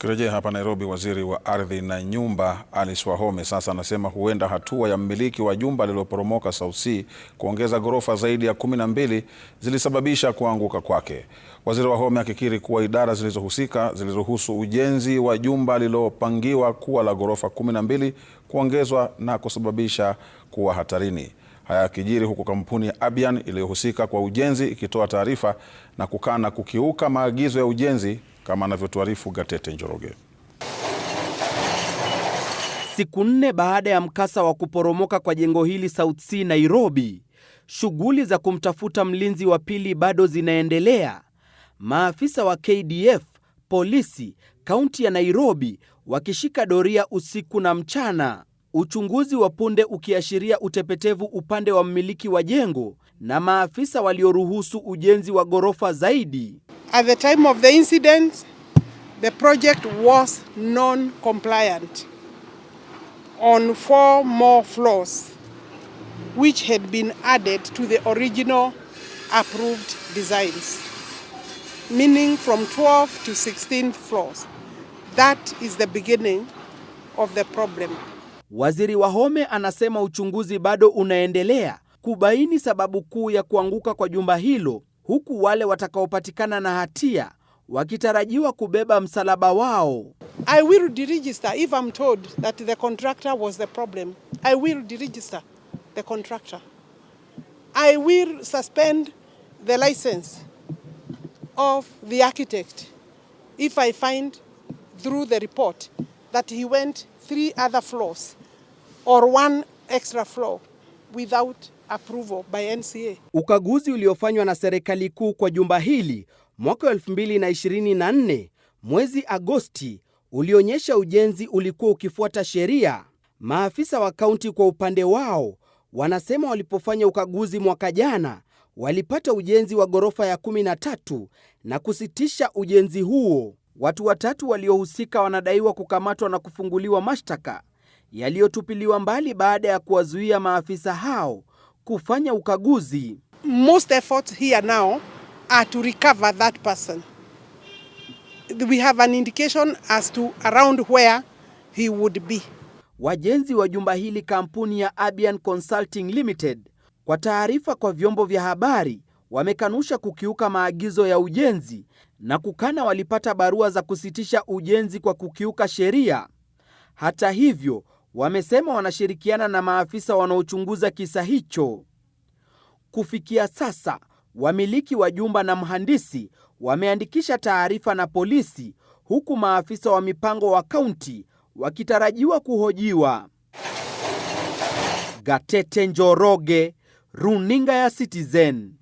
Tukirejea hapa Nairobi, waziri wa ardhi na nyumba Alice Wahome sasa anasema huenda hatua ya mmiliki wa jumba lililoporomoka South C kuongeza ghorofa zaidi ya kumi na mbili zilisababisha kuanguka kwake. Waziri Wahome akikiri kuwa idara zilizohusika ziliruhusu ujenzi wa jumba lililopangiwa kuwa la ghorofa kumi na mbili kuongezwa na kusababisha kuwa hatarini. Haya yakijiri huku kampuni ya Abian iliyohusika kwa ujenzi ikitoa taarifa na kukana kukiuka maagizo ya ujenzi kama anavyotuarifu Gatete Njoroge. Siku nne baada ya mkasa wa kuporomoka kwa jengo hili South C Nairobi, shughuli za kumtafuta mlinzi wa pili bado zinaendelea. Maafisa wa KDF, polisi, kaunti ya Nairobi wakishika doria usiku na mchana, uchunguzi wa punde ukiashiria utepetevu upande wa mmiliki wa jengo na maafisa walioruhusu ujenzi wa ghorofa zaidi. At the time of the incident, the project was non-compliant on four more floors which had been added to the original approved designs, meaning from 12 to 16 floors. That is the beginning of the problem. Waziri Wahome anasema uchunguzi bado unaendelea kubaini sababu kuu ya kuanguka kwa jumba hilo huku wale watakaopatikana na hatia wakitarajiwa kubeba msalaba wao. I will deregister if I'm told that the contractor was the problem. I will deregister the contractor. I will suspend the license of the architect if I find through the report that he went three other floors or one extra floor without approval by NCA. Ukaguzi uliofanywa na serikali kuu kwa jumba hili mwaka 2024 mwezi Agosti ulionyesha ujenzi ulikuwa ukifuata sheria. Maafisa wa kaunti kwa upande wao wanasema walipofanya ukaguzi mwaka jana walipata ujenzi wa ghorofa ya 13 na kusitisha ujenzi huo. Watu watatu waliohusika wanadaiwa kukamatwa na kufunguliwa mashtaka yaliyotupiliwa mbali baada ya kuwazuia maafisa hao kufanya ukaguzi. Most effort here now are to recover that person. We have an indication as to around where he would be. Wajenzi wa jumba hili kampuni ya Abian Consulting Limited kwa taarifa kwa vyombo vya habari wamekanusha kukiuka maagizo ya ujenzi na kukana walipata barua za kusitisha ujenzi kwa kukiuka sheria. Hata hivyo wamesema wanashirikiana na maafisa wanaochunguza kisa hicho. Kufikia sasa, wamiliki wa jumba na mhandisi wameandikisha taarifa na polisi, huku maafisa wa mipango wa kaunti wakitarajiwa kuhojiwa. Gatete Njoroge, Runinga ya Citizen.